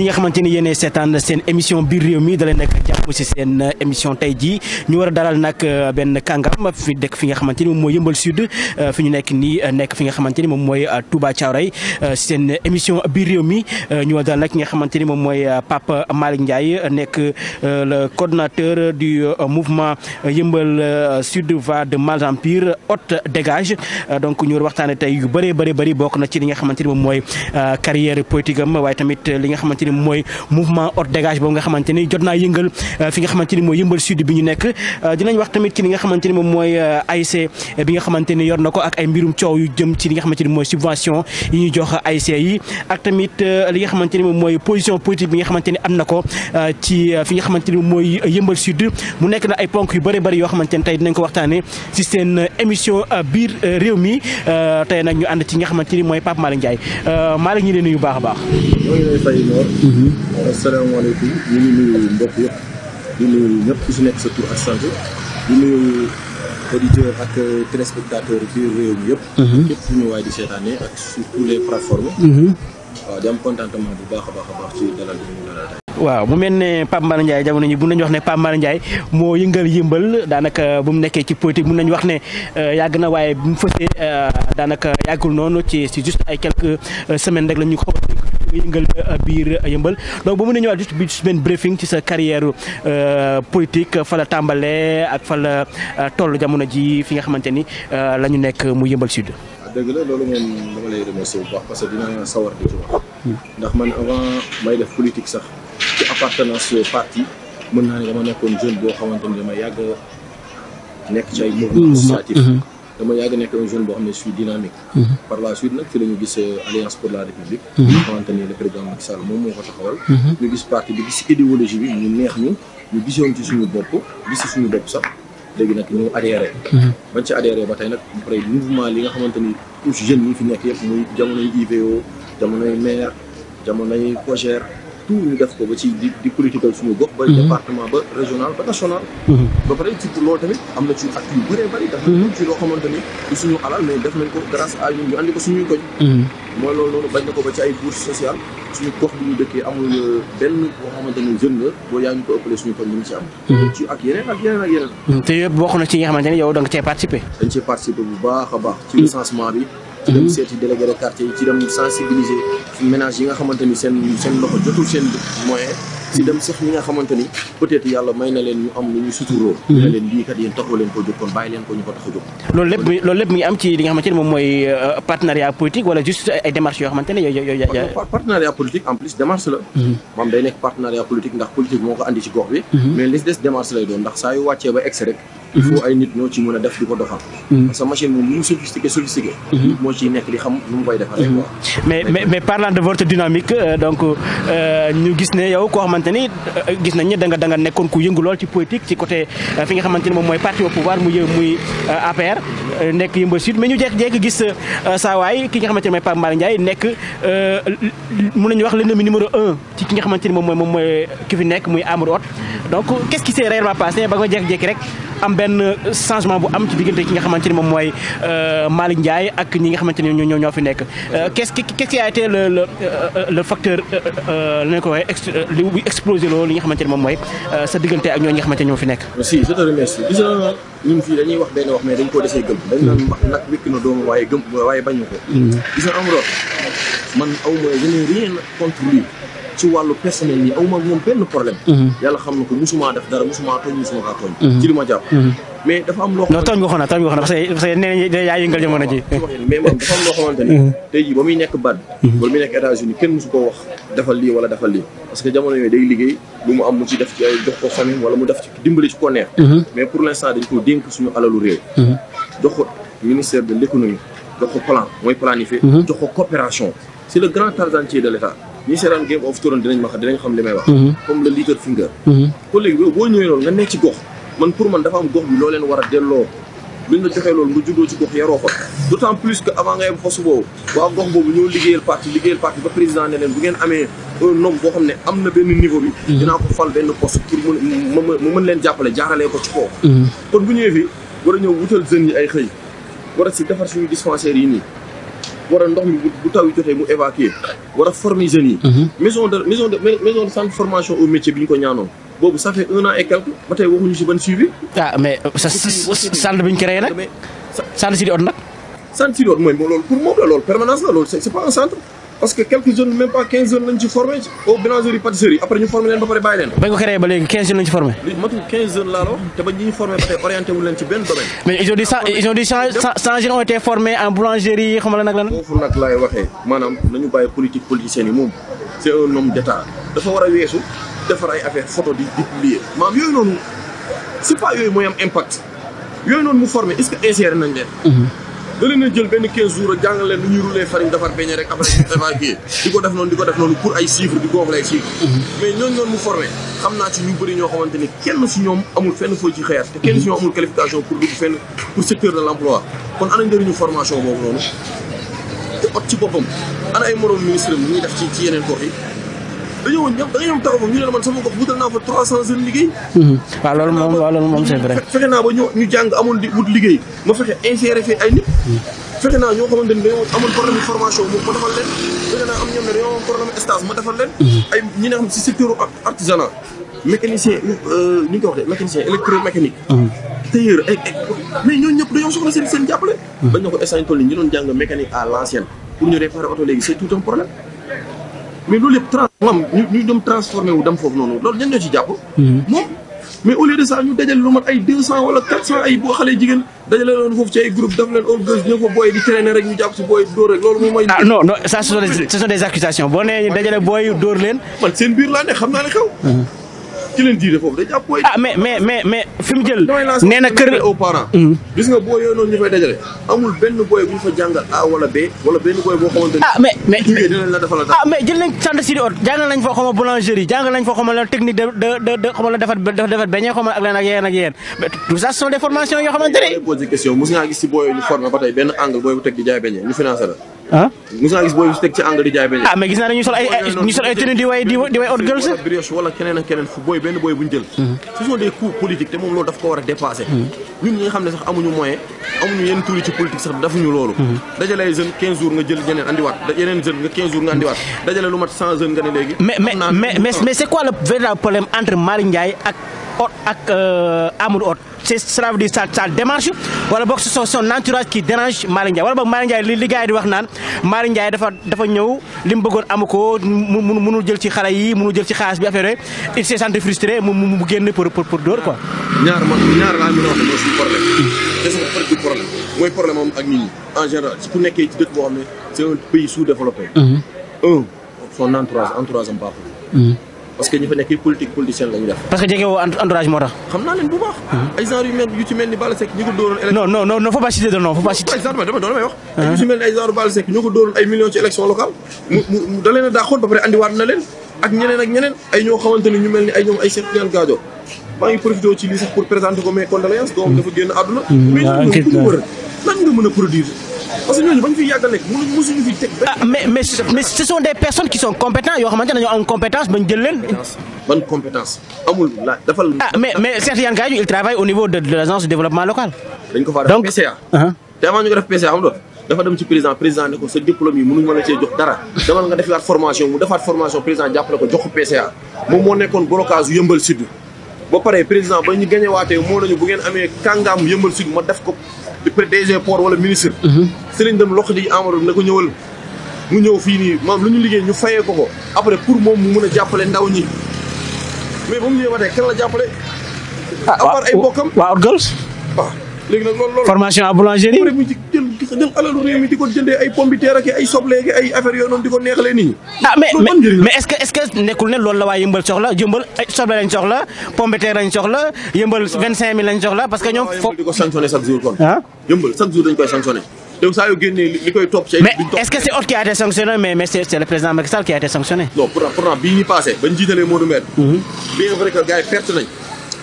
ñi nga xamante ni yéenay seetaan seen émission biir réew mi dalee nag jàmm si seen émission tey jii ñu war a dalal nag euh, benn kàngam fi dëkk fi nga xamante ni moom mooy yëmbal sud euh, ñu nekk nii euh, nekk fi nga xamante ni moom mooy Touba Thiaroye seen émission biir réew mi ñu war a dalal nga xamante ni moom mooy Pape Malick Ndiaye nekk le coordonnateur du mouvement yëmbal sud va de mal en pire haute dégage donc ñu war a tey yu bëree bëri bëri bokk na ci li nga xamante ni moom mooy carrière politique waaye tamit li ni mooy mouvement hors dégage boobu nga xamante ni jot naa yëngal fi nga xamante ni mooy yëmbal sud bi ñu nekk dinañ wax tamit ci li nga xamante ni moom mooy AIC nga xamante ni yor na ko ak ay mbirum coow yu jëm ci li nga xamante ni mooy subvention yi ñuy jox AIC yi ak tamit li nga xamante ni moom mooy position politique bi xamante ni am na ko ci xamante ni mooy yëmbal sud mu nekk na ay ponk yu bëri bëri yoo xamante ni tey dinañ ko waxtaane ci seen émission biir réew mi tey nag ñu ànd ci nga xamante ni mooy Pape Malick Ndiaye Malick ñu leen nuyu baax a baax Mm-hmm. asalaamaaleykum ñu ngi nuyu mbokk yëpp di nuyu ñëpp ku nekk sa tur ak sant di nuyu auditeurs ak téléspectateurs biir réew mi yëpp. Mm-hmm. képp fu ñu waay di seetaanee ak sur toutes les plateformes. Mm-hmm. waaw contentement bu baax a baax a baax ci dalal bi ñu dalal tey. waaw mu mel ne Pape Malick Ndiaye jamono ji mun nañu wax ne Pape Malick Ndiaye moo yëngal yëmbal daanaka bu mu nekkee ci politique mun nañu wax ne euh, yàgg na waaye bu mu fësee euh, daanaka yàggul noonu ci ci juste ay quelques euh, semaines rek la ñu nga yëngal euh, biir euh, yëmbal donc ba mën a ñëwaat juste bi ci ci sa carrière euh, politique fa la tàmbalee ak fa toll jamono ji fi nga xamante ni la ñu nekk mu yëmbal sud. dëgg la loolu moom parce que dinaa sawar di ci ndax man avant may def politique sax ci appartenance parti mën naa ne dama nekkoon jeune boo xamante ni dama yàgg nekk ci ay mouvement associatif dama yàgg nekk un jeune boo xam ne je suis dynamique. Mhm. par la suite nag ci la ñu gis alliance pour la république. Mhm. nga xamante ni le président moom moo ko taxawal. Mhm. ñu gis parti bi gis idéologie bi ñu neex ñu ñu gisoon ci suñu bopp gis suñu bopp sax léegi nag ñu adhéré. bañ ci adhéré ba tey nag après mouvement li nga xamante ni tous jeunes yi fi nekk yëpp muy jamonoy IVO jamonoy maire jamonoy COJER. tout ñu def ko ba ci di di political suñu gox. ba mhm. département ba régional ba national. Mhm. ba pare ci loolu tamit am na ci at yu bëree bëri. def nañ mhm. ci suñu alal mais def nañ ko grâce à ñun ñu andi ko suñuy koñ. mooy loolu noonu bañ na ko ba amul euh, benn boo xamante ni jeune la boo yaa ngi ko ëppalee suñu koñ ñu ci am. ci ak yeneen ak yeneen ak yeneen. te yëpp bokk na yow da nga cee participer. dañ cee participer bu baax a baax. ci recensement bi. ci mmh. dem seeti délégué de quartier yi ci dem sensibiliser ménage yi nga xamante seen loxo jotul seen moyen ci dem sax ñi nga xamante peut-être yàlla may na leen ñu am lu ñu suturoo mmh. na leen lii kat yéen taxu leen ko jóg kon bàyyi leen ko ñu ko tax a jóg loolu lépp mi ngi am ci li nga xamante moom mooy euh, partenariat politique wala juste ay démarches yoo xamante ne yooyu yooyu partenariat politique en plus démarche la mmh. moom day nekk partenariat politique il faut mhm. ay nit ñoo ci mën a def di ko doxal. Mhm. parce que machine moom lu mu mhm. nekk di xam nu mu koy defaree quoi. mais mais mais parlant de votre dynamique euh, donc euh, ñu gis ne yow koo xamante ni euh, gis nañ ne da nga da nga nekkoon ku yëngu lool ci politique ci côté fi nga xamante ni moom mooy parti au pouvoir muy muy APR nekk Yeumbeul Sud mais ñu jékki-jékki gis saa waay ki nga xamante ni mooy Pape Malick Ndiaye nekk mën nañu wax l'ennemi numéro un ci ki nga xamante ni moom mooy moom mooy ki fi nekk muy Amadou Hott donc qu'est-ce ba nga jékki-jékki benn changement bu am ci diggante ki nga xamante ni moom mooy euh, Malick Ndiaye ak ñi nga xamante ni ñoo ñoo fi nekk. Euh, qu'est-ce qu'est-ce qui a été le le euh, le facteur li nga ko waxee ex li muy explosé loolu li nga xamante ni moom mooy sa diggante ak ñoo ñi nga xamante ni ñoo fi nekk. merci je te remercie gis naa ñun fii wax benn wax mais dañ koo desee gëm. dañ naan wax nag wékk na doomu waaye gëm mm-hmm. ma je n'ai rien contre ci wàllu personnel yi awuma moom benn problème mhm. yàlla xam na ko musuma def dara musuma tooñ musuma kaa tooñ mhm. ci li ma jàpp mhm. mais dafa am loo xam ni tey jii ba muy nekk bad wala nekk États-Unis kenn musu koo wax defal lii wala defal lii parce que jamono yooyu day liggéey lu mu am mu ci def ci ay jox ko famille wala mu def ci dimbali ci ko mais pour l'instant dañ ko dénk suñu alalu réew jox ministère de l'économie jox ko plan mooy planifier jox ko ñi seetaan Game of Thrones dinañ ma xam dinañ xam li may wax. Mhm. comme le little finger. kon mhm. léegi boo ñëwee loolu nga nekk ci gox man pour man dafa am gox bi loo leen a delloo buñ la joxee loolu nga juddoo ci gox yaroo fa d' autant plus que avant nga yem xosu boobu waa gox boobu ñoo liggéeyal parti liggéeyal parti ba président ne leen bu ngeen amee un homme boo xam ne am na benn niveau bi. Mhm. dinaa ko fal benn poste pour mu mën leen jàppale jaaralee ko ci yi nii. war a ndox mi bu taw yi jotee mu évacuer war a former jeunes yi mhm. maison de maison de centre formation au métier ko ñaanoon boobu ça un an et quelque ba tey waxuñu si ban suivi ah mais centre bi ñu créé nag centre si di ot nag centre si di ot mooy loolu pour moom la loolu permanence la loolu c'est pas un centre parce que quelques jeunes même pas 15 jeunes lañ ci formé au boulangerie pâtisserie après ñu formé leen ba pare bàyyi leen. ba ñu ko ba léegi 15 jeunes lañ ci formé. matul 15 jeunes laa la te ba ñu formé ba tey ci benn domaine. mais ils ont dit ils ont dit 100 jeunes ont été formés en boulangerie xam nga nag foofu nag laay waxee maanaam nañu bàyyi politique politicienne yi moom c'est un homme d'état dafa war a weesu defar ay affaire photo di di publier. maam yooyu noonu c'est pas la leen jël benn 15 jours ak jàngal leen nu ñuy defar beñe rek après ñu évacuer di ko def noonu di ko def noonu pour ay chiffres di ko wax lay chiffres mais ñooñu noonu mu formé xam naa ci ñu bëri ñoo xamante ni kenn si ñoom amul fenn foo ci xëyaat te kenn si ñoom amul qualification pour dugg fenn pour secteur de l'emploi kon ana njëriñu formation boobu noonu te ot ci boppam ana ay moroom ministre yi ñuy def ci ci yeneen gox yi dañoo ñëw da nga ñoom taxaw ñu ne man sama gox wutal naa fa trois cent jeunes liggéey. Mhm. loolu moom waaw fexe naa ba ñu jàng amoon di wut liggéey ma fexe insérer fi ay nit. Mhm. fexe naa ñoo xamante ni problème de ma defal leen fexe ne mhm. ñi xam si secteur artisanat mécanicien euh, ni ñu ko waxee mécanicien électromécanique. tailleur ay mais ñooñu ñëpp dañoo soxla seen seen jàppale. bañ na ko instant ñu doon jàng mécanique à l'ancienne pour ñu réparer oto léegi c'est tout un problème. mais loolu yëpp transforme ñu ñu dem transformé wu dem foofu noonu loolu ñen ñoo ci jàpp. Hmm. moom mais au lieu de ça ñu dajale lu mat ay deux cent wala ay boo xale jigéen dajale leen foofu ci ay groupe daf leen all girls ñoo ko di traîner rek ñu jàpp si booy dóor rek loolu moom mooy. ah non non ça ce sont boo nee dajale booy dóor leen. man seen biir laa xam naa ne kaw. ci leen jiite foofu dañuy appooy. ah mais mais mais mais fi jël. nee na kër aux parents. Hmm. gis nga booy yooyu noonu ñu fay dajale. amul benn booy bu ñu fa jàngal B wala benn booy boo xamante ah mais mais ah mais jël nañ jàngal nañ foo xama boulangerie jàngal nañ foo xama la technique de de la defar beñee xama ak leen ak yéen ak yéen mais tout ça yoo xamante benn angle booy bu teg jaay beñee ñu financé ah. Moussa gis booy bi teg ci engrais di jaay bañ ah mais gis naa dañuy sol ay ñu sol ay tenue di way di way haute gueule sa brioche wala keneen ak keneen fu booy benn booy bu ñu jël mhm. ce sont des coups politiques te moom loolu daf ko war a dépasser mhm. ñun ñi nga xam ne sax amuñu moyen amuñu yenn tuuri ci politique sax dafuñu loolu mhm. dajale jeune 15 jours nga jël ñeneen andiwaat yeneen jeune nga 15 jours nga andiwaat dajale lu mat 100 jeune nga ne léegi mais mais mais c'est quoi le véritable problème entre Malick Ndiaye ak Hott ak euh, Amadou Hott c'est cela veut dire sa sa démarche wala boog soo son entourage qui dérange Malick Ndiaye wala boog Malick li li di wax naan Malick dafa dafa ñëw li mu bëggoon amu ko mu mu jël ci xale yi munul jël ci xaalis bi affaire yooyu il s'est senti frustré mu mu pour pour pour dóor quoi. ñaar laa mën a wax mooy suñu problème. mooy problème ak nit ñi en général su ku nekkee ci dëkk boo xam ne c'est pays sous-développé. Mhm. un parce que ñu fa nekk politique politicienne la ñu def. parce que jege woo entourage moo tax. xam naa leen bu baax. Ah. ay genre yu mel ni Balla Seck ñu ko dóoroon. élection non non non non faut pas citer de nom faut pas citer. dama damay wax. ñu ah. ci ay ñu ko dóoroon ay millions ci élection locale. mu mu da leen ba pare andiwaat na leen ak ñeneen ak ñeneen ay ñoo xamante ñu mel ni ay ñoom ay Cheikh Tidiane Gadio maa ngi profité ci ko mes condoléances. doom dafa génn àdduna. waaw mm, mais ah, mais ah, mais mais ce sont yoo xamante ne dañoo am compétence bañ jël leen. dafa. ah mais mais certes Yann Gadio il travaille au niveau de de l'agence du développement local. dañ ko faa def PCA. Uh-huh. te avant ñu ko def président formation mu defaat formation président jàppale ko jox ko PCA moom moo nekkoon blocage yëmbal sud. ba pare président ba ñu gañe waatee moo nañu bu ngeen amee kàngaam yëmbal sud ma def ko di DG port wala ministre mhm. sëriñ dem loxo ji Amadou na ko ñëwal mu ñëw fii nii maam lu ñu liggéey ñu fayee ko ko après pour moom mu mën a jàppale ndaw ñi mais ba mu ñëwee watee kan la jàppale a ah, waa ay bokkam waa orgals ah, waaw léegi nag loolu loolu jël alalu réew mi di ko jëndee ay pombiteer ak ay soble ak ay affaire yooyu noonu di ko neexalee nit ñi. ah mais mais est-ce que est-ce que nekkul ne loolu la waa yëmbal soxla yëmbal ay soble lañ soxla pombiteer lañ soxla yëmbal 25000 lañ soxla parce que ñoom. foofu di ko sanctionné chaque jour kon. yëmbal chaque jour dañ koy sanctionné. donc saa yoo génnee li koy topp. mais est-ce que c'est autre qui a été sanctionné mais mais c'est le président Macky Sall qui a été sanctionné. non pourtant pourtant bii ñu passé bañ jiitalee Modou Mbène. Mhm. bien vrai que gars yi perte nañ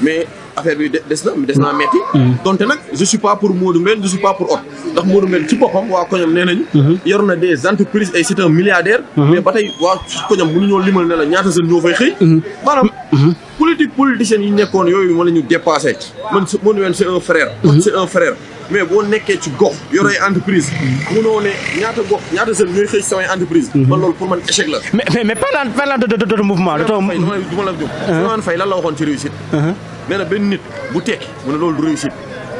mais affaire bi des na des naa metti mm. donte nag je suis pas pour Modou je suis pas pour Ott ndax Modou Mbène ci waa koñam nee nañu mm-hmm. yor na des entreprises ay c'est un milliardaire mm-hmm. mais ba tey waa koñam mënuñoo limal ne la ñaata jeunes ñoo fay xëy mm-hmm. maanaam politique politicienne yi nekkoon yooyu ma la ñu dépassé man Modou Mbène c'est un frère c'est un frère mais boo nekkee ci gox yor ay entreprise mënoo ne ñaata gox ñaata jeune ñooy xëy samay entreprise mhm. man loolu pour man échec la mais mais parlant parlant de de mouvement de ton du ma la jóg Souleymane Faye lan loolu du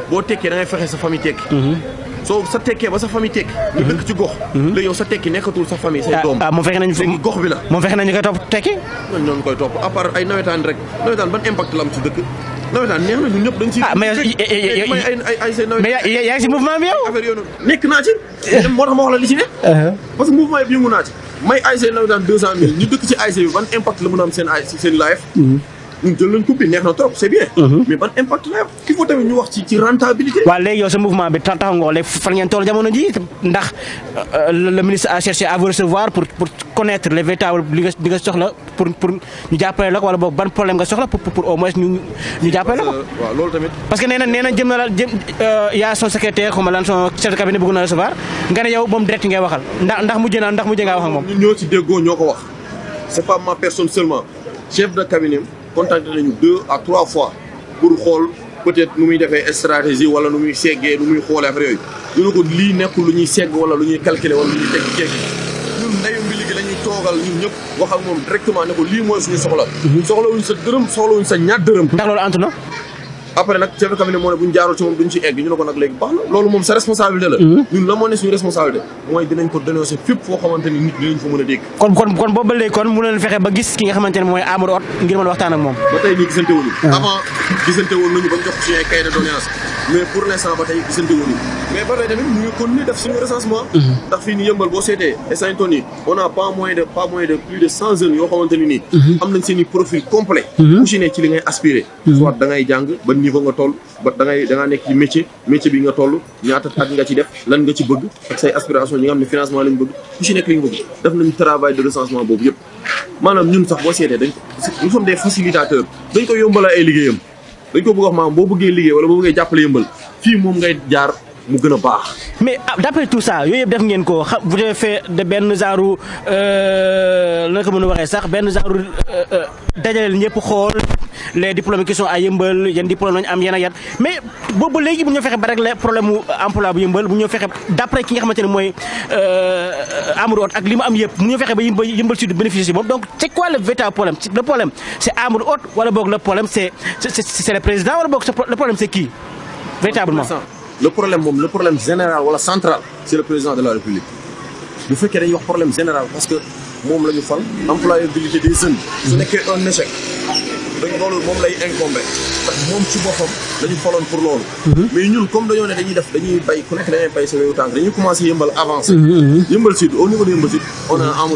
boo tekkee da ngay fexe sa famille tekki mhm. soo sa tekkee ba sa famille tekki nga mhm. dëkk ci gox léegi yow sa tekki nekkatul sa famille say ah, doom ah, moom fexe nañ léegi gox bi koy topp tekki ñoom ñoo koy topp à ay nawetaan rek nawetaan ban impact la am ci dëkk nawetaan neex na ñun ñëpp dañ ciy. nekk naa ci. Eh, moo tax ma wax li ci ne. Uh-huh. parce que mouvement bi yëngu naa ci. may ASC nawetaan 200000 ñu dëkk ci ASC bi ban impact la mën a am seen ay ñun neex na trop c'est bien. Mhm. mais ban impact la am il faut ñu wax ci ci rentabilité. waaw léegi yow sa mouvement bi taxaw nga léegi fan ngeen toll jamono ji ndax euh, la ministre a cherché à recevoir pour pour connaître les véritables li nga li nga soxla pour pour ñu jàppale la ko wala boog ban problème nga soxla pour au moins ñu ñu jàppale loolu tamit. parce que nee na nee na jëm na jëm euh, yaa son secrétaire xaw ma lan son chef de cabinet bëgg na recevoir nga ne yow moom direct ngay waxal ndax ndax mujj naa ndax mujj ngaa wax ak moom. ñun ñoo ci déggoo ñoo ko wax c'est pas ma personne seulement chef contacté nañu deux à trois fois pour xool peut nu muy defee stratégie wala nu muy seggee nu muy xoolee ak yooyu lii nekkul lu ñuy segg wala lu ñuy calculer wala lu ñuy teg ceeb ñun ndeyu mbili gi la ñuy ñun ñëpp wax ak moom directement ne ko lii mooy suñu soxla. soxla mhm. soxlawuñ sa dërëm soxlawuñ sa ñaar dërëm. ndax loolu antu na. après nag chef de cabinet moo ne bu ñu jaarul ci moom duñ ci egg ñu ne ko nag léegi baax loolu moom sa responsabilité la mm-hmm. ñun la moo ne suñu responsabilité mooy dinañ ko dénoncer fépp foo xamante ni nit dinañ fa mën a dégg kon kon kon léegi kon mu leen fexe ba gis ki nga xamante ne mooy Amadou Hott ngir mën waxtaan moom ba tey nii gisante wuñu mm-hmm. avant gisante woon nañu ba jox suñu ay cahier de doléance mais pour l'instant ba tey gisanti wuñu mais ba tey tamit ñu ngi continuer def suñu recensement mhm. ndax fii ni yëmbal boo seetee Saint-Antoine yi on a pas moins de plus de cent jeunes yoo xamante ni nii mhm. am nañ seen i profil complet mhm. ku ne ci li ngay aspirer soit da ngay jàng ba niveau nga toll ba da ngay da nekk ci métier métier bi nga toll ñaata at nga ci def lan nga ci bëgg ak say aspiration ñi nga xam ne financement lañ bëgg ku si nekk li nga bëgg def nañ travail de recensement boobu yëpp maanaam ñun sax boo seetee dañ nous sommes des facilitateurs dañ ko yombalal ay liggéeyam dañ ko bëgg boo bëggee liggéey wala boo bëggee jàppale yëmbal fii moom ngay jaar mu baax. mais ah, d'après tout ça yooyu yëpp def ngeen ko xam bu defee benn genre euh, naka mën a waxee sax benn genre euh, euh, dajaleel ñëpp xool le diplômés qui sont à yëmbal yan diplôme lañu am yan ak mais boobu léegi bu ñu fexe ba régler problème emploi bu yëmbal bu ñu fexe d'après ki nga xamante ne mooy euh, Amadou Hott ak li mu am yëpp bu ñu fexe ba yëmbal sud bénéficier si boobu donc c'est quoi le véritable problème le problème c'est Amadou Hott wala boog le problème c'est c'est le président wala boog le problème c'est qui véritablement le problème général wala central c'est le président de la parce que moom la ñu dañ loolu moom lay incombé moom ci boppam dañu faloon pour loolu mais ñun comme dañoo ne dañuy def dañuy bay ku nekk dañuy bay sa wéyu tànk dañuy commencé yëmbal avancé mm-hmm, mm-hmm. yëmbal sud au yëmbal sud a mm-hmm.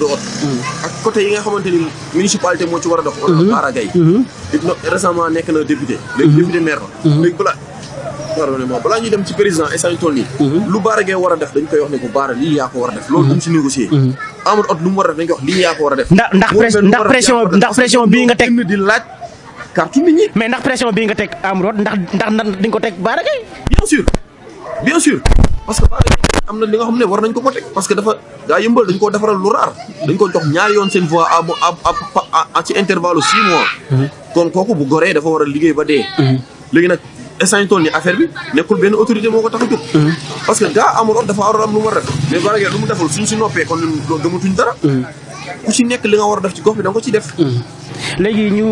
a dox a Bara balaa pardonnement dem ci président instant yu toll nii lu Bara Gaye war a def dañ koy wax ne ko Bara lii yaa ko war a def loolu duñ si négocier Amadou Hott lu mu war a def dañ koy wax lii yaa ko war a def ndax pression ndax nga teg carte nit ñi. mais ndax pression bi nga teg am root ndax ndax ndax di ko teg Bara Gaye. bien sûr bien sûr parce que Bara Gaye am na li nga xam ne war nañ ko ko teg parce que dafa gaa yëmbal dañ koo defaral lu raar dañ ko jox ñaari yoon seen voix à à ci intervalle mhm. kooku bu goree dafa war a liggéey ba dee. Mhm. léegi nag instant toll ni affaire bi nekkul benn autorité moo ko tax a mhm. parce que gaa amul root dafa war a am lu mu war def mais Bara Gaye lu mu deful suñ si noppee kon ñun loolu dara. ku ci nekk li nga war a def ci gox bi da nga ko ci def. léegi ñu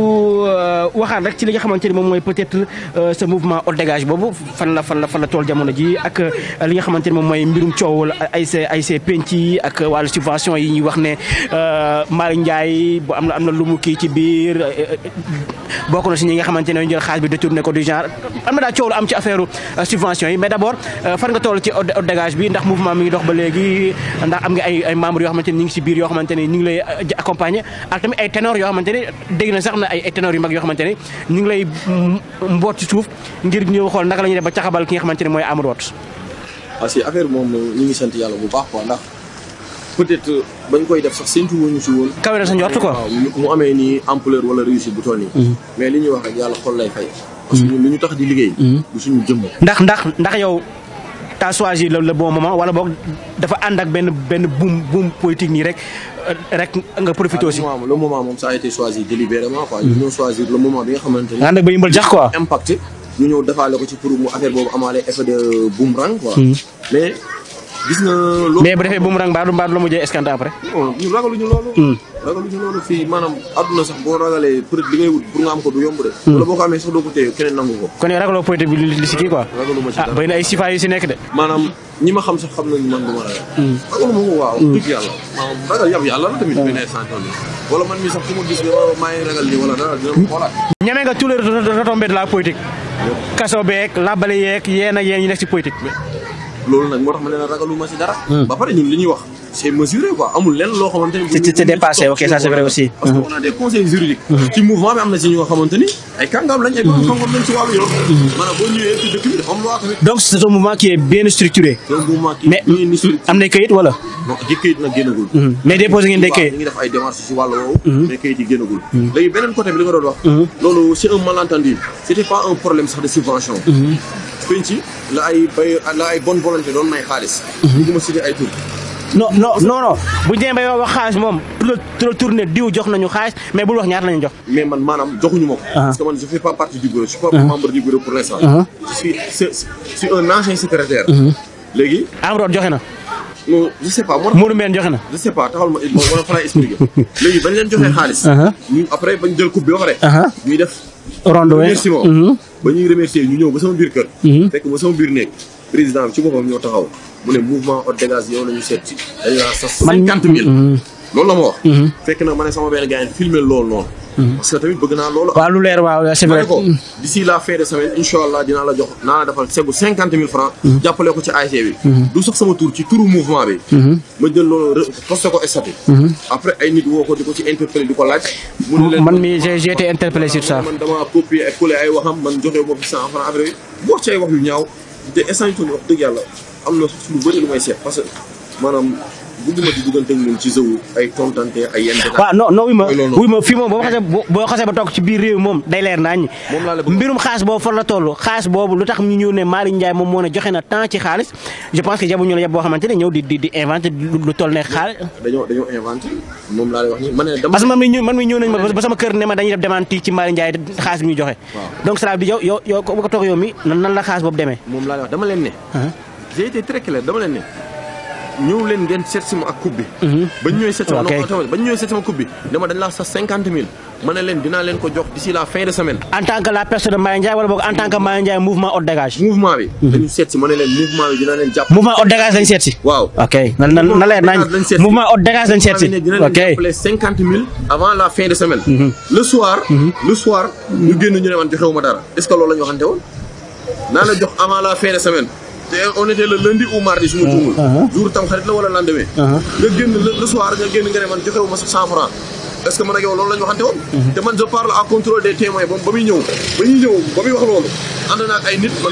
euh, waxaan rek ci li nga xamante ni moom mooy peut-être euh, ce mouvement au dégage boobu fan la fan la fan la tool jamono ji ak euh, li nga xamante ni moom mooy mbirum coow ay see ay see penc ak wàllu subvention yi ñu wax ne Malick Ndiaye bu am na am na lu mu kii ci biir bokk na si ñi nga xamante ne ñu jël xaalis bi détourné ko du genre am na daal coow lu am ci affaire subvention yi mais d'abord fan nga tool ci au dégage bi ndax mouvement mi ngi dox ba léegi ndax am nga ay ay membres yoo xamante ni si biir yoo xamante ni ñu ngi lay accompagner ak tamit ay yoo xamante ni dégg na sax na ay ténor yu mag yoo xamante ne ñu ngi lay mboot ci suuf ngir ñëw xool naka la ñuy def ba caxabal ki nga xamante ne mooy Amadou Hott. parce ah, affaire moom ñu ngi sant yàlla bu baax quoi ndax peut-être euh, bañ koy def sax séntu wuñu si woon. kawe na sa njort quoi mu amee nii ampleur wala réussite bu toll nii. Mm-hmm. mais li ñuy wax rek yàlla xol lay fay. ñu tax di liggéey. Mm-hmm. du suñu jëmm. ndax ndax ndax yow. t'as choisi le bon moment wala boog dafa ànd ak benn benn buum buum politique nii rek rek nga profité aussi. waaw ah, le moment moom ça a été délibérément quoi. ñu ñëw choisir le moment bi nga xamante ni. nga ànd ba yëmbal jax quoi. impacté ñu ñëw defaale ko ci pour mu affaire boobu amaale effet de boomerang quoi. Hmm. mais. gis mais bu defee boomerang mbaa du mbaa du la mujjee escanté après. non ñun hmm. sax boo ragalee peut être ko du yomb de. Hmm. wala boo ko sax doo ko téye keneen nangu ko. kon yow ragaloo politique bi li si kii quoi. ah bëri na ay sifa yu si nekk de. maanaam ñi ma xam sax xam nañu ma ragal. Hmm. ragalu ma ko waaw. dëgg yàlla maanaam ragal yab la tamit. waaw beneen sant yoon wala ne waaw maa ngi ragal nga tous les retombées de la politique. kaso beeg labale yeeg ñi nekk ci politique loolu nag moo tax ma ne la si dara. Hmm. ba pare ñun li ñuy wax c'est mesuré quoi amul lenn loo xamante ni. c'est c'est dépassé ok ça c'est vrai aussi. parce que mhm. on a des conseils juridiques. Mhm. ci mouvement bi am na si ñoo mhm. xamante ni donc c'est mouvement qui est bien structuré. c'est mais am na kayit wala. non ci kayit nag génnagul. mais déposé ngeen des kayit. ñu ngi def ay démarches si wàll beneen côté bi li nga doon wax. loolu c'est un malentendu. pas un problème sax de subvention. penc la ay bay la ay bonne volonté doon may xaalis. bëgguma citer ay tur non non bu ñu demee ba yow wax xaalis moom pour tourner diw jox nañu xaalis mais bul wax ñaata lañu jox. mais man maanaam joxuñu ma ko. Ah. parce que man je fais pas partie du bureau je ah. mm-hmm. joxe na. non je sais pas. Modou Mbène joxe na. je sais pas taxawal ma ma ma faral expliquer. léegi bañ leen joxee mm-hmm. xaalis. Uh-huh. ñu après bañ jël coupe bi ba pare. Uh-huh. ñuy def. rondé remerciement. Mm-hmm. ba ñuy remercier ñu ñëw ba sama biir kër. fekk ba sama biir néeg. président bi ci a ñoo taxaw mu ne mouvement Hott Dégage yow la seet si dañu laa sas mm-hmm. wax mm-hmm. fekk na ma ne sama benn gars yi filmer loolu noonu mm-hmm. parce que tamit bëgg naa loolu waaw lu leer waaw c'est vrai la fin la jox la defal segu cinquante ci ASC bi du sax sama tur ci turu mouvement bi ma jël loolu posté ko statut après ay nit woo ko di ko ci interpellé di ko laaj mu leen man mi j'ai interpellé sur man dama copier ak coller ay waxam man joxee moo fi cent francs après bi wax ci ay wax yu ñaaw te instant wax dëgg yàlla am na lu bëri lu may seet parce que maanaam bëgguma di dugal ñun ci sëw ay tontante ay yenn. waaw non non wuy ma wuy ma boo xasee boo xasee ba toog mbirum xaalis boobu fan la toll xaalis boobu lu tax ñu ñëw ne Malick Ndiaye moom moo ne joxe na temps ci xaalis je pense que jabu ñu boo xamante ne ne xaalis. dañoo dañoo inventé moom laa lay wax nii man ma ba sama kër ne ma dañuy def démenti ci Malick Ndiaye xaalis bi ñu joxe. donc ça veut dire yow yow ko toog yow mi nan la xaalis boobu demee. ñëw leen ngeen seet ma ak coupe mhm. bañ ñëwee seet ma bañ ñëwee seet ma dañ laa sax cinquante mille ma ne leen dinaa leen ko jox d'ici la fin de semaine. en tant la personne de Mbaye wala boog en tant que mhm. Mbaye mouvement Hott Dégage. mouvement bi. Mhm. dañu seet ma ne leen mouvement bi dinaa leen jàpp. mouvement Hott Dégage lañ seet waaw ok na na na mouvement Hott Dégage lañ seet ok mille avant la fin de semaine. le soir. le génn ñu ne man joxewuma dara est te on était le lundi ou mardi su ma juumul. jour tam xarit la wala lendemain. Ah, ah. nga génn le soir nga génn nga ne man joxewu ma sa cent man ak yow loolu la waxante woon. Mhm. te man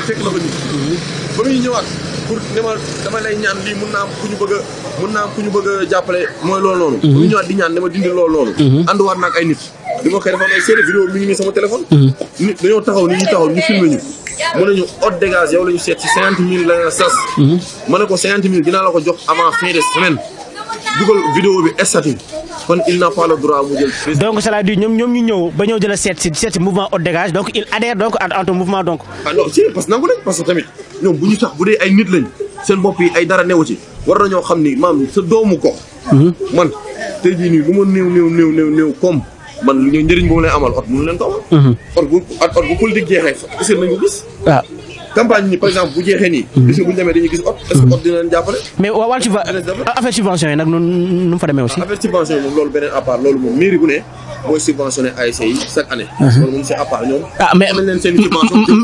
fekk na ko nit. Mhm. ba muy ñëwaat pour ne ma dama lay ñaan lii mun naa am ku ñu bëgg a mun naa am ku ñu bëgg jàppale mooy loolu noonu. Mhm. ba muy ñëwaat di ñaan dama dindi loolu noonu. ànduwaat naa ay nit. di ma koy ay série vidéo mi ngi nii sama téléphone. nit dañoo taxaw ni ñu filmé ñu. mu ne ñu haute dégage yow la ñu ci cinquante mille la nga sas. Mhm. ma ne ko cinquante mille dinaa la ko jox avant fin de semaine. dugal vidéo bi estati kon il n'a pas le droit mu donc cela dit ñoom ñoom ñu ñëw ba ñëw jël seet si seet si mouvement haute dégage donc il adhère donc à ton mouvement donc. ah non si parce nangu nañ parce que tamit ñoom bu ñu tax bu dee ay nit lañ seen bopp ay dara newu ci war nañoo xam ni maam sa doomu gox. Mhm. man tey jii lu ma néew néew néew néew man ñu njëriñ bu mu leen amal ot mhm. bu ot jeexee ah. bu jeexee nii. est mhm. que bu ñu demee mais waa wàllu affaire subvention yi nag nu mu fa demee aussi. affaire subvention yi moom loolu beneen à loolu moom mairie bu ne mooy subventionné ASC yi chaque année. Mhm. Ah, mais am leen mm,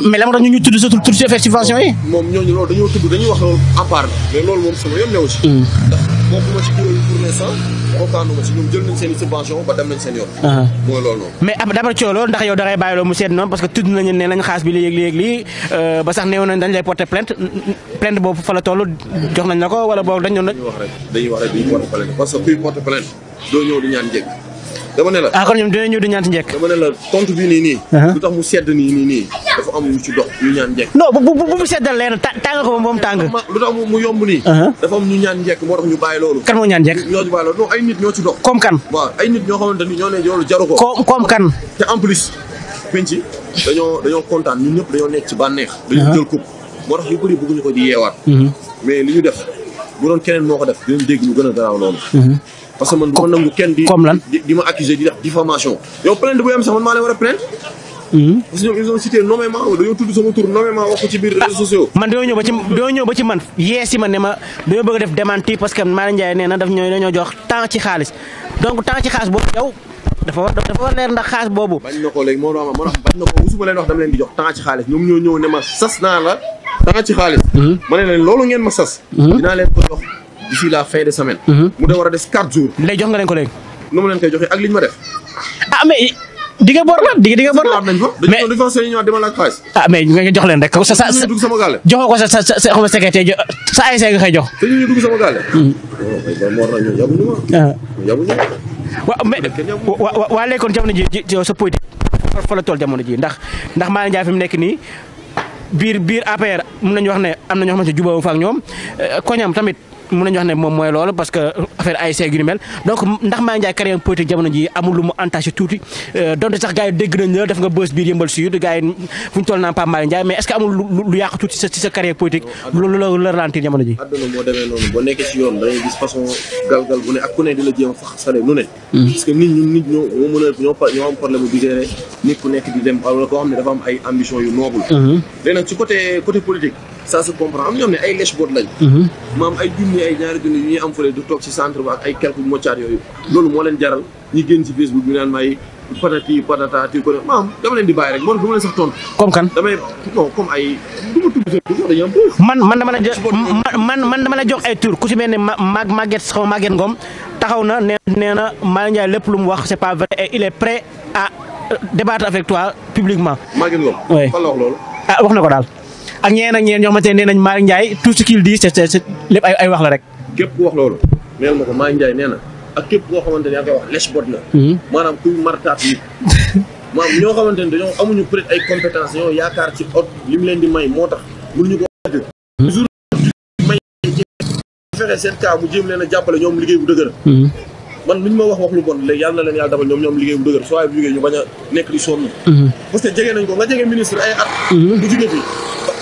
mm, mm, ñu tudd sa affaire subvention yi. moom ñooñu loolu dañoo tudd dañuy wax loolu à mais loolu moom sama yoon newu si. bokkuma ci kuréel pour l'instant bokkaanuma ci ñoom jël nañ seen mais ab dama ci ndax yow da bàyyi loolu mu seet noonu parce que tudd nañu ne nañ xaas bi léeg-léeg lii euh, ba sax néew nañ dañ lay porter plainte plainte boobu fa la toll jox nañ la ko wala boobu dañ doon dañuy wax rek dañuy wax rek duñu dama ne la ah kon ñoom dina ñëw di ñaan ci njëkk. dama ne la tontu bi nii nii. Uh-huh. lu tax mu sedd nii nii nii dafa am ñu ci ñu ñaan njëkk. non bu bu bu seddal leen tàng ko moom tàng. lu tax mu yomb nii. Uh-huh. dafa am ñu ñaan njëkk moo tax ñu bàyyi loolu. kan moo ñaan njëkk ñoo ci bàyyi loolu non kan ko. comme comme kan. te en plus penc dañoo kontaan ñu ñëpp dañoo nekk ci bànneex. dañu uh-huh. jël coup moo tax yu bëri bëgguñu ko di mais li ñu def bu doon keneen moo ko def dinañ dégg lu gën a garaaw loolu parce que man du ma nangu kenn di comme yow plainte bu yem sax man maa leen war a plainte. Hmm? parce que ñoom ils ah, man dañoo ñëw ba ci man yeesi ma ne ma dañoo bëgg a def démenti parce que Malick Ndiaye nee na daf ñooy dañoo jox temps ci xaalis donc temps ci xaalis boobu yow. dafa war leer ndax xaalis boobu. bañ na ko léegi ma na ko mosuma ne ma sas naa la temps ci xaalis. Hmm? ma ne leen loolu ngeen ma sas. Hmm? dinaa leen ko jox. d'ici la fin de semaine. mu da war a des jox nga leen ko léegi. nu mu leen koy joxee ak li ñu ma ah mais di nga bor la di nga bor la. mais dañu fa seen ñëwaat demal ak xaalis. ah mais nga jox leen rek. sa sa sa dugg sama gàlle. joxoo ko sa sa sa xaw ma secrétaire sa ASC nga koy jox. te ñu dugg sama gàlle. wa waa léegi kon jamono ji yow sa politique fa la toll jamono ji ndax ndax maa ngi fi mu nekk nii biir biir APR mun nañu wax ne am na ñoo ma ne jubóo fa ak ñoom koñam tamit mën nañu wax ne moom mooy loolu parce que affaire ASC yu ni mel donc ndax Malick Ndiaye carrière politique jamono ji amul lu mu entaché tuuti euh, donte sax gars yi dégg la def nga bës biir yëmbal sud gars yi fu sa carrière politique loolu bu ne ak ku ne di la jéem a fax sale nu ne hmm. parce que nit ñi nit ay ambition yu noble hmm. ça se comprend am ñoom ne ay du mhm. toog ci centre ba ay quelques moccaar yooyu loolu moo leen jaral ñi génn ci Facebook bi naan may di bàyyi rek moom du ma leen sax tontu comme kan damay non ma man man dama la jox jox ay tur ku si mel ne mag Maguette xaw Maguette Ngom taxaw na nee nee na Malick Ndiaye lépp lu mu wax c'est pas vrai il est prêt à euh, débattre avec toi publiquement Maguette Ngom fan la wax loolu ah wax na ko daal ak ñeen ak ñeen ñoo xamante ne nee nañ Malick Ndiaye tout ce qu'il dit c'est c'est ay wax la rek. képp ku wax loolu. neel ma ko Malick Ndiaye nee ak képp koo xamante ne yaa ngi koy wax lesbot la. Hmm. yi. maanaam ñoo xamante ne dañoo amuñu peut ay compétence yaakaar ci ot li mu leen di may moo tax mënuñu ko waajal. Hmm. toujours may fexe seen mu jéem leen a jàppale ñoom liggéey bu dëgër. Hmm. man lu ñu ma wax wax lu bon léegi na leen yàlla dabal ñoom ñoom liggéey bu dëgër soo waaye bu liggéey ñu bañ nekk di sonn. parce que jege nañ ko nga jege ministre ay at. bu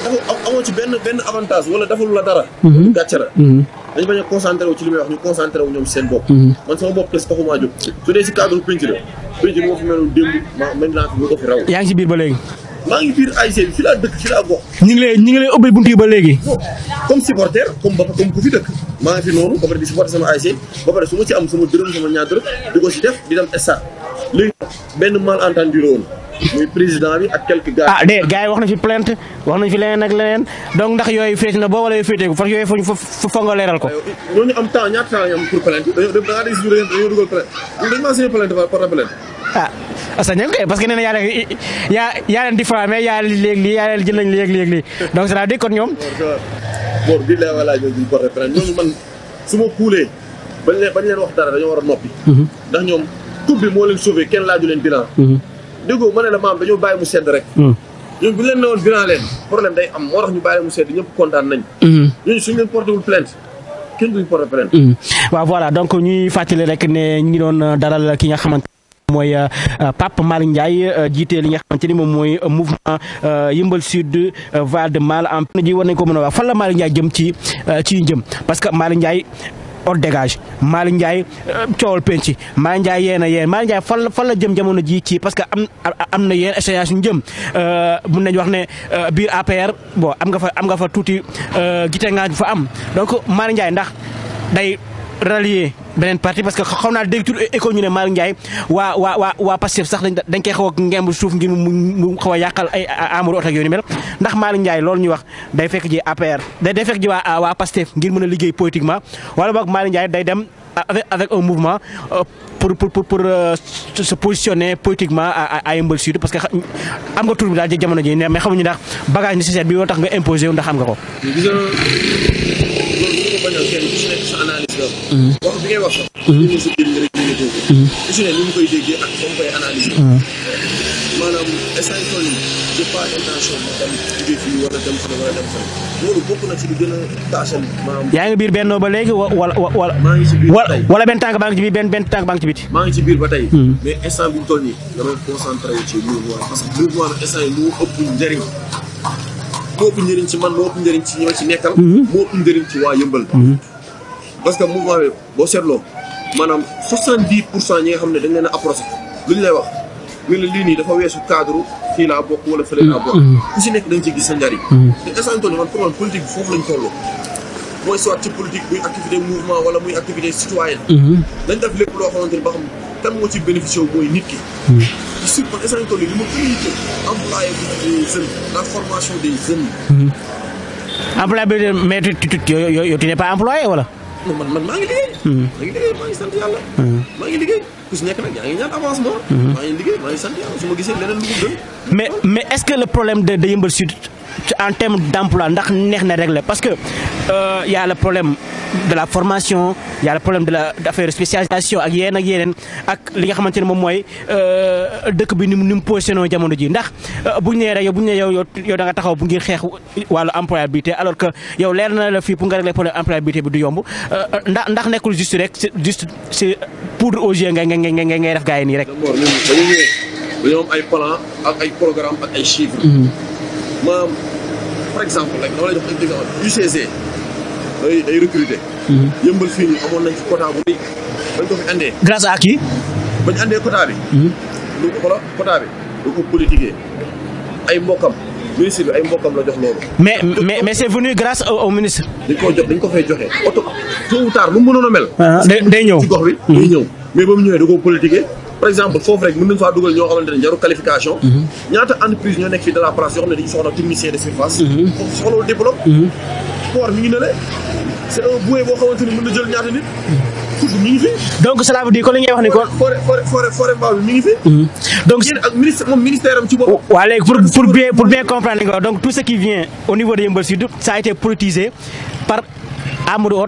dafa amoo ci benn benn avantage wala dafalu la dara. Mhm. gàcce la. Mhm. dañu bañ a concentré wu ci li may wax ñu concentré wu ñoom seen bopp. Mhm. man sama bopp kese taxumaa jóg su dee si cadre pénc fi ngi si laa gox. ñu ngi lay ñu ngi lay ubbil buntu yi ba léegi. comme supporter comme ba comme ku fi dëkk. maa ngi fi noonu ba pare di supporter sama ASC ba pare su ma ci am sama dërëm sama ñaar dërëm di ko si def di dem stade léegi benn malentendu la woon muy président bi ak quelques gars. ah yi wax na fi plainte wax nañ fi leneen ak leneen donc ndax yooyu féete na boo wala yooyu féete ko fa yooyu fa fa nga leeral ko. Euh, ñooñu am temps ñaata temps ñu am pour plainte dañoo na yaa leen yaa yaa leen diffamé yaa leen léeg lii yaa leen jël nañ léeg léeg lii donc c'est-à-dire kon ñoom. bon ma kuulee bañ leen bañ wax dara dañoo war a noppi. Mhm. ndax ñoom coupe bi moo leen sauvé kenn laaju leen bilan mhm. déggoo ma ne mu sedd rek hmm. ñun ñu leen newoon bilan leen problème day am moo tax ñu bàyyi mu sedd ñëpp kontaan nañ hmm. ñun suñu leen porté wul plainte kenn hmm. waaw voilà donc ñuy fàttali rek ne ñu ngi doon euh, dalal ki nga xamante mooy euh, euh, Pape Malick Ndiaye jiite li nga xamante ni moom mooy mouvement Yeumbeul Sud va de mal en pis ji war nañ ko mën a wax fan la Malick jëm ci ci jëm parce que Malick Ndiaye on dégage Malick Ndiaye euh, coowal penc Malick Ndiaye yee na yee Malick Ndiaye la fan la jëm jamono jii ci parce que am am na yenn échéance ñu jëm euh, mun nañu wax ne euh, biir APR bon am nga fa am nga fa tuuti gite nga fa am donc Malick ndax day rallier. beneen parti parce que xaw naa dégg tur écho ñu ne Malick Ndiaye waa waa waa waa Pastef sax dañ koy xaw a ngemb suuf ngir mu xaw a yàqal amuru oto ak yooyu mel ndax Malick Ndiaye loolu ñuy wax day fekk ji APR day fekk ji waa waa Pastef ngir mën a liggéey politiquement wala boog Malick Ndiaye day dem avec avec mouvement euh, pour pour pour euh, se positionner politiquement ay Yeumbeul Sud parce que am nga tur bi daal jamono ji mais xamuñu ndax bagage nécessaire bi yoo tax imposé wu ndax am nga ko. ñu bañoon kenn ku si nekk sa analyse la mm-hmm. wax bi ngay wax sax mm-hmm. ñu si dégg ngi dégg mm-hmm. lu gën a taasal yaa ngi biir bennoo ba léegi wala wala maa ngi ci biir ba tey benn tànk baa ngi ci biir benn benn tànk baa ngi ci biti maa ngi ci biir ba tey mais instant bi mu yi nii dama concentré wu ci mouvement parce que mouvement moo ëpp njëriñ ci man moo ëpp njëriñ ci ñi ma ci nekkal. Mhm. moo ëpp njëriñ ci waa yëmbal. Mhm. parce que mouvement bi boo seetloo maanaam soixante dix pour cent ñi nga xam ne dañ leen a approché lu ñu lay wax ñu ne lii nii dafa weesu cadre fii laa bokk wala fële laa bokk. Mhm. ku si nekk dañ ci gis sa njariñ. te instant bii toll man pour man politique bi foofu lañ toll. mooy soit ci politique buy activité mouvement wala muy activité citoyenne. dañ def lépp loo xamante ni ba xam. kan moo ci bénéficié mooy nit ki. Hmm. sur man instant toll li ma gën a yitte employabilité des jeunes la formation des jeunes. Hmm. employabilité mais tu tu maa ngi liggéey. maa ngi sant yàlla. Hmm. maa ngi liggéey ku nekk nag yaa ngi ñaan avancement. maa ngi liggéey maa ngi sant yàlla su ma gisee leneen lu mu mais mais est-ce que le problème de de Yeumbeul en termes d'emploi ndax neex na régler parce que euh, problème de la formation y a problème de la d'affaire spécialisation ak yeneen ak yeneen ak li nga xamante ne moom mooy euh, dëkk bi ni mu ni mu jamono ji ndax euh, buñ nee rek yow buñ nee yow yow da nga taxaw bu ngir xeex wàllu employabilité alors que yow leer na la fii pour nga régler problème employabilité bi du yomb euh, ndax ndax nekkul juste rek c'est juste c'est poudre aux yeux ngay ngay ngay ngay def gars yi nii rek. dañoo maanaam par exemple rek dama lay recruter. Mhm. yëmbal fii nii nañ ci quota bu bañ ko fi andee. grâce à qui. bañ andee quota bi. Mhm. lu ko xoolal ko politiquer ay mbokkam. ministre bi ay mbokkam la jox loolu. mais mais mais c'est venu grâce au ministre. dañ koo jox dañ ko fay joxe oto tôt ou tard lu mu mel. Ah, day ñëw ci gox bi day ñëw mhm. mais ba mu ñëwee da koo politiquer. par exemple foofu rek mën nañu faa dugal ñoo xamante ne jaru qualification mhm. ñaata entreprise ñoo nekk fii de la place yoo xam ne dañu soxla technicien de surface mhm. foofu soxlawul diplôme mhm. sport mi ngi ne le c'est un bouée boo na jël ñaata nit mi ngi fi. donc cela veut kon li ngay wax ni kon. forêt forêt mbaaw bi fi. donc yéen ak ministre moom ministère am ci boppam. Oh, bien comprendre li nga donc tout ce qui vient au niveau de Yeumbeul Sud ça a été par Amadou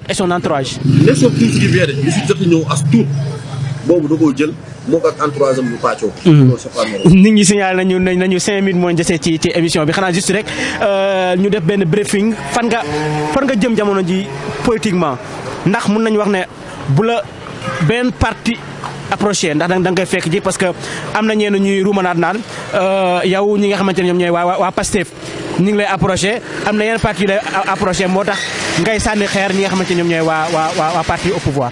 moo ko ak entourage am bu pàccoo. Mm. nit ñi signalé nañu nañu cinq minutes mooy njëse ci ci émission bi xanaa juste rek euh, ñu def benn briefing fan nga fan nga jëm jamono ji politiquement ndax mun nañu wax ne bu la benn parti approché ndax danga koy fekk ji parce que am na ñeen ñuy ruumanaat naan euh, yow ñi nga xamante ne ñoom ñooy waa waa Pastef ñu ngi lay approché am na yenn parti yu moo tax ngay sànni xeer ñi nga xamante ñoom ñooy waa waa waa parti au pouvoir.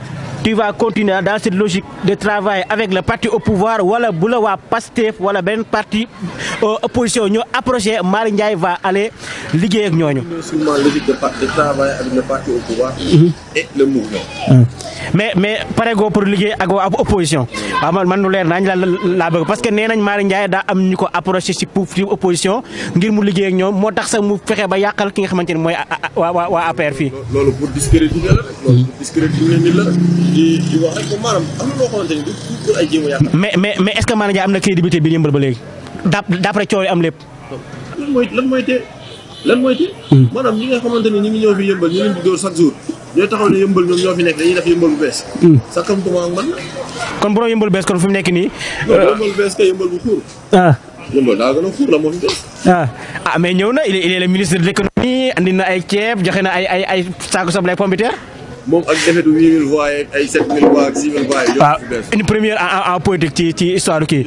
tu vas continuer dans cette logique de travail avec le parti au pouvoir wala bu la waa PASTEF wala benn partie euh, opposition ñoo approché Malick Ndiaye va aller liggéey ak ñooñu. Hmm. mais mais pare goo pour liggéey ak waa opposition waaw man man lu leer nañ la laa bëgg parce que nee nañ Malick jaay daa am ñu ko approché si pour ci opposition ngir mu liggéey ak ñoom moo tax sax mu fexe ba yàqal ki nga xamante ne mooy waa waa waa APR fii. loolu pour mais mais mais est ce que am na crédibilité bi yëmbal ba léegi d' coow yi am lépp. ñooy taxaw ne yëmbal ñoom ñoo fi nekk dañuy def yëmbal bees. Hmm. ak man. kon borom yëmbal bees kon fu mu nekk nii. Euh, yëmbal bu xuur. ah yëmbal daa gën a la moo fi ah. Ah, ñëw na il ministre de l'économie andi na ay joxe na ay ay ay saako soble ay pomme de terre. moom ak defetu ah, une première en politique ci ci histoire kii.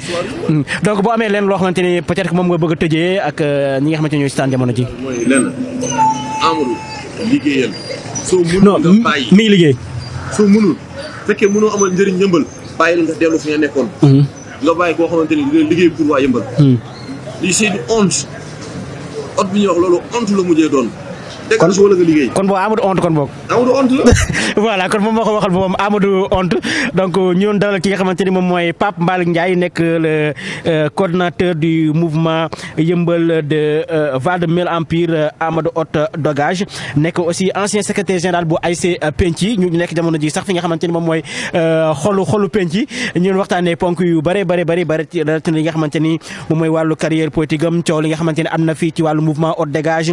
Hmm. donc boo amee leen loo xamante ni peut-être que moom nga bëgg a tëjee ak euh, ñi nga xamante ne ñooy si taan jamono ji. mooy lenn soo mënul nga bàyyi mi ngi liggéey. soo mënul fekkee mënoo amal njëriñ yëmbal. bàyyil nga dellu fi nga nekkoon. Mm-hmm. nga bàyyi koo xamante ni liggéey pour waa yëmbal. Mm-hmm. lii c'est une ot bi ñuy wax loolu honte la mujjee doon. kon kon Amadou Honte kon boog. Amadou Honte la. voilà kon moom moo ko waxal moom Amadou Honte donc euh, ñu doon dalal ki nga xamante ni moom mooy Pape Malick Ndiaye nekk euh, le euh, coordonnateur du mouvement yëmbal de Val de Mel Empire Amadou Hott Dogage nekk aussi ancien secrétaire général bu AIC Penc yi ñu nekk jamono ji sax fi nga xamante ni moom mooy xolu xolu penc yi ñu doon waxtaanee ponk yu bare bare bare bare li nga xamante ni moom mooy wàllu carrière politique am li nga xamante ni am na fii ci wàllu mouvement Hott Dogage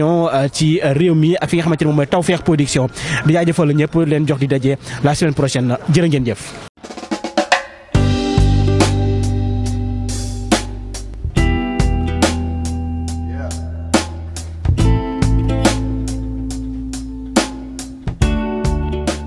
télévision euh, ci euh, réew mi ak fi nga xamante ne moom mooy Tawfekh Production di jaajëfal ñëpp leen jox di dajee la semaine prochaine jërë ngeen jëf.